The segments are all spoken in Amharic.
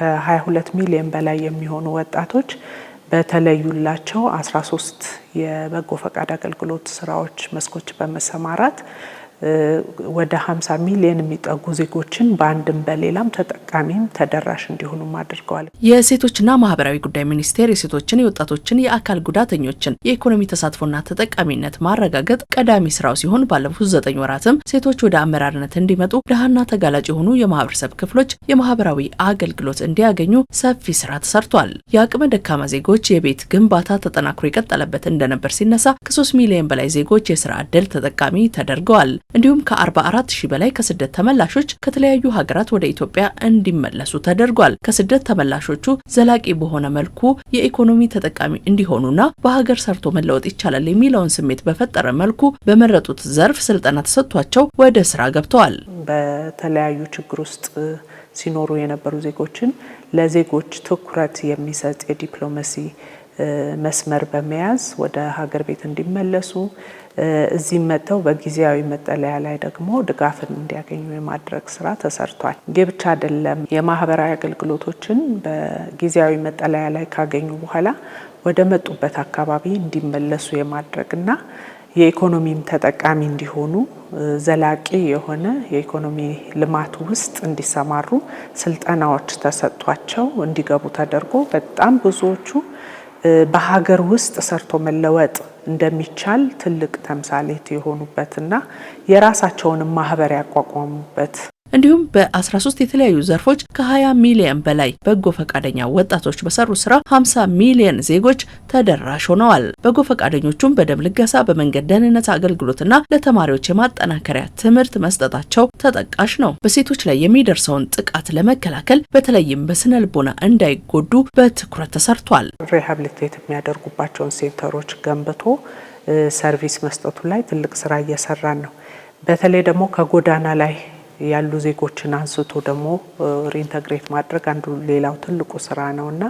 ከ22 ሚሊዮን በላይ የሚሆኑ ወጣቶች በተለዩላቸው 13 የበጎ ፈቃድ አገልግሎት ስራዎች መስኮች በመሰማራት ወደ 50 ሚሊዮን የሚጠጉ ዜጎችን በአንድም በሌላም ተጠቃሚም ተደራሽ እንዲሆኑም አድርገዋል። የሴቶችና ማህበራዊ ጉዳይ ሚኒስቴር የሴቶችን፣ የወጣቶችን፣ የአካል ጉዳተኞችን የኢኮኖሚ ተሳትፎና ተጠቃሚነት ማረጋገጥ ቀዳሚ ስራው ሲሆን ባለፉት ዘጠኝ ወራትም ሴቶች ወደ አመራርነት እንዲመጡ ድሃና ተጋላጭ የሆኑ የማህበረሰብ ክፍሎች የማህበራዊ አገልግሎት እንዲያገኙ ሰፊ ስራ ተሰርቷል። የአቅመ ደካማ ዜጎች የቤት ግንባታ ተጠናክሮ የቀጠለበት እንደነበር ሲነሳ ከሶስት ሚሊዮን በላይ ዜጎች የስራ ዕድል ተጠቃሚ ተደርገዋል። እንዲሁም ከ44 ሺህ በላይ ከስደት ተመላሾች ከተለያዩ ሀገራት ወደ ኢትዮጵያ እንዲመለሱ ተደርጓል። ከስደት ተመላሾቹ ዘላቂ በሆነ መልኩ የኢኮኖሚ ተጠቃሚ እንዲሆኑና በሀገር ሰርቶ መለወጥ ይቻላል የሚለውን ስሜት በፈጠረ መልኩ በመረጡት ዘርፍ ስልጠና ተሰጥቷቸው ወደ ስራ ገብተዋል። በተለያዩ ችግር ውስጥ ሲኖሩ የነበሩ ዜጎችን ለዜጎች ትኩረት የሚሰጥ የዲፕሎማሲ መስመር በመያዝ ወደ ሀገር ቤት እንዲመለሱ እዚህ መጥተው በጊዜያዊ መጠለያ ላይ ደግሞ ድጋፍን እንዲያገኙ የማድረግ ስራ ተሰርቷል። ይህ ብቻ አይደለም። የማህበራዊ አገልግሎቶችን በጊዜያዊ መጠለያ ላይ ካገኙ በኋላ ወደ መጡበት አካባቢ እንዲመለሱ የማድረግና የኢኮኖሚም ተጠቃሚ እንዲሆኑ ዘላቂ የሆነ የኢኮኖሚ ልማት ውስጥ እንዲሰማሩ ስልጠናዎች ተሰጥቷቸው እንዲገቡ ተደርጎ በጣም ብዙዎቹ በሀገር ውስጥ ሰርቶ መለወጥ እንደሚቻል ትልቅ ተምሳሌት የሆኑበትና የራሳቸውንም ማህበር ያቋቋሙበት እንዲሁም በ13 የተለያዩ ዘርፎች ከ20 ሚሊዮን በላይ በጎ ፈቃደኛ ወጣቶች በሰሩ ስራ 50 ሚሊዮን ዜጎች ተደራሽ ሆነዋል። በጎ ፈቃደኞቹም በደም ልገሳ፣ በመንገድ ደህንነት አገልግሎትና ለተማሪዎች የማጠናከሪያ ትምህርት መስጠታቸው ተጠቃሽ ነው። በሴቶች ላይ የሚደርሰውን ጥቃት ለመከላከል በተለይም በስነ ልቦና እንዳይጎዱ በትኩረት ተሰርቷል። ሪሃብሊቴት የሚያደርጉባቸውን ሴንተሮች ገንብቶ ሰርቪስ መስጠቱ ላይ ትልቅ ስራ እየሰራን ነው። በተለይ ደግሞ ከጎዳና ላይ ያሉ ዜጎችን አንስቶ ደግሞ ሪኢንተግሬት ማድረግ አንዱ ሌላው ትልቁ ስራ ነው እና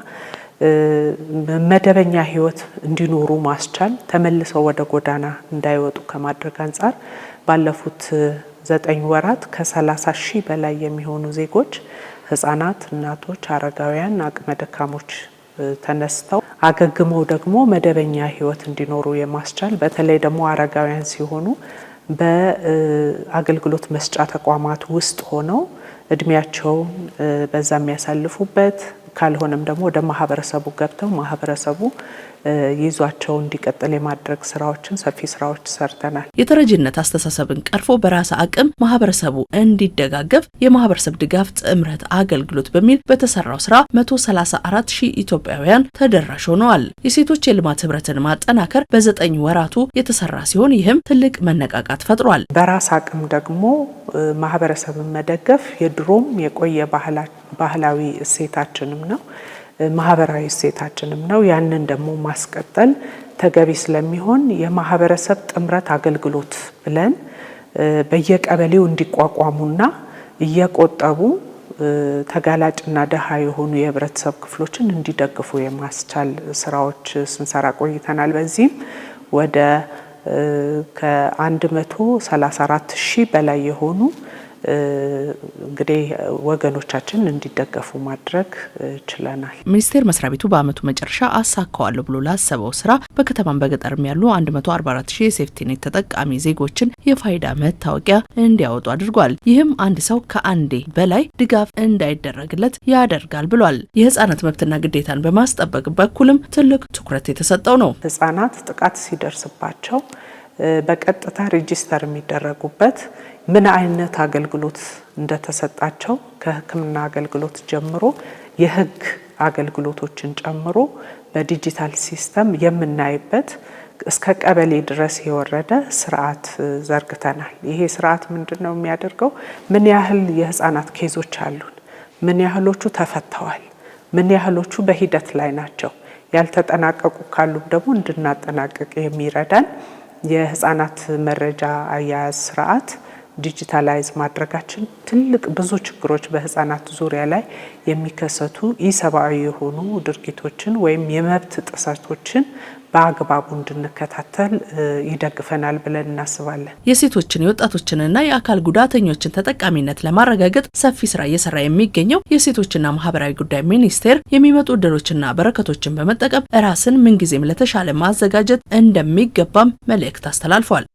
መደበኛ ህይወት እንዲኖሩ ማስቻል ተመልሰው ወደ ጎዳና እንዳይወጡ ከማድረግ አንጻር ባለፉት ዘጠኝ ወራት ከሰላሳ ሺህ በላይ የሚሆኑ ዜጎች ህጻናት፣ እናቶች፣ አረጋውያን፣ አቅመ ደካሞች ተነስተው አገግመው ደግሞ መደበኛ ህይወት እንዲኖሩ የማስቻል በተለይ ደግሞ አረጋውያን ሲሆኑ በአገልግሎት መስጫ ተቋማት ውስጥ ሆነው እድሜያቸውን በዛ የሚያሳልፉበት ካልሆነም ደግሞ ወደ ማህበረሰቡ ገብተው ማህበረሰቡ ይዟቸው እንዲቀጥል የማድረግ ስራዎችን ሰፊ ስራዎች ሰርተናል። የተረጂነት አስተሳሰብን ቀርፎ በራስ አቅም ማህበረሰቡ እንዲደጋገፍ የማህበረሰብ ድጋፍ ጥምረት አገልግሎት በሚል በተሰራው ስራ 134 ሺህ ኢትዮጵያውያን ተደራሽ ሆነዋል። የሴቶች የልማት ህብረትን ማጠናከር በዘጠኝ ወራቱ የተሰራ ሲሆን ይህም ትልቅ መነቃቃት ፈጥሯል። በራስ አቅም ደግሞ ማህበረሰብን መደገፍ የድሮም የቆየ ባህላዊ እሴታችንም ነው። ማህበራዊ እሴታችንም ነው። ያንን ደግሞ ማስቀጠል ተገቢ ስለሚሆን የማህበረሰብ ጥምረት አገልግሎት ብለን በየቀበሌው እንዲቋቋሙና እየቆጠቡ ተጋላጭና ደሃ የሆኑ የህብረተሰብ ክፍሎችን እንዲደግፉ የማስቻል ስራዎች ስንሰራ ቆይተናል። በዚህም ወደ ከ134 ሺህ በላይ የሆኑ እንግዲህ ወገኖቻችን እንዲደገፉ ማድረግ ችለናል። ሚኒስቴር መስሪያ ቤቱ በአመቱ መጨረሻ አሳካዋለሁ ብሎ ላሰበው ስራ በከተማም በገጠርም ያሉ 144 ሺህ የሴፍቲኔት ተጠቃሚ ዜጎችን የፋይዳ መታወቂያ እንዲያወጡ አድርጓል። ይህም አንድ ሰው ከአንዴ በላይ ድጋፍ እንዳይደረግለት ያደርጋል ብሏል። የህጻናት መብትና ግዴታን በማስጠበቅ በኩልም ትልቅ ትኩረት የተሰጠው ነው። ህጻናት ጥቃት ሲደርስባቸው በቀጥታ ሬጂስተር የሚደረጉበት ምን አይነት አገልግሎት እንደተሰጣቸው ከሕክምና አገልግሎት ጀምሮ የህግ አገልግሎቶችን ጨምሮ በዲጂታል ሲስተም የምናይበት እስከ ቀበሌ ድረስ የወረደ ስርዓት ዘርግተናል። ይሄ ስርዓት ምንድን ነው የሚያደርገው? ምን ያህል የህፃናት ኬዞች አሉን? ምን ያህሎቹ ተፈተዋል? ምን ያህሎቹ በሂደት ላይ ናቸው? ያልተጠናቀቁ ካሉም ደግሞ እንድናጠናቀቅ የሚረዳን የህፃናት መረጃ አያያዝ ስርዓት ዲጂታላይዝ ማድረጋችን ትልቅ ብዙ ችግሮች በህፃናት ዙሪያ ላይ የሚከሰቱ ኢሰብአዊ የሆኑ ድርጊቶችን ወይም የመብት ጥሰቶችን በአግባቡ እንድንከታተል ይደግፈናል ብለን እናስባለን። የሴቶችን የወጣቶችንና የአካል ጉዳተኞችን ተጠቃሚነት ለማረጋገጥ ሰፊ ስራ እየሰራ የሚገኘው የሴቶችና ማህበራዊ ጉዳይ ሚኒስቴር የሚመጡ እድሎችና በረከቶችን በመጠቀም ራስን ምንጊዜም ለተሻለ ማዘጋጀት እንደሚገባም መልእክት አስተላልፏል።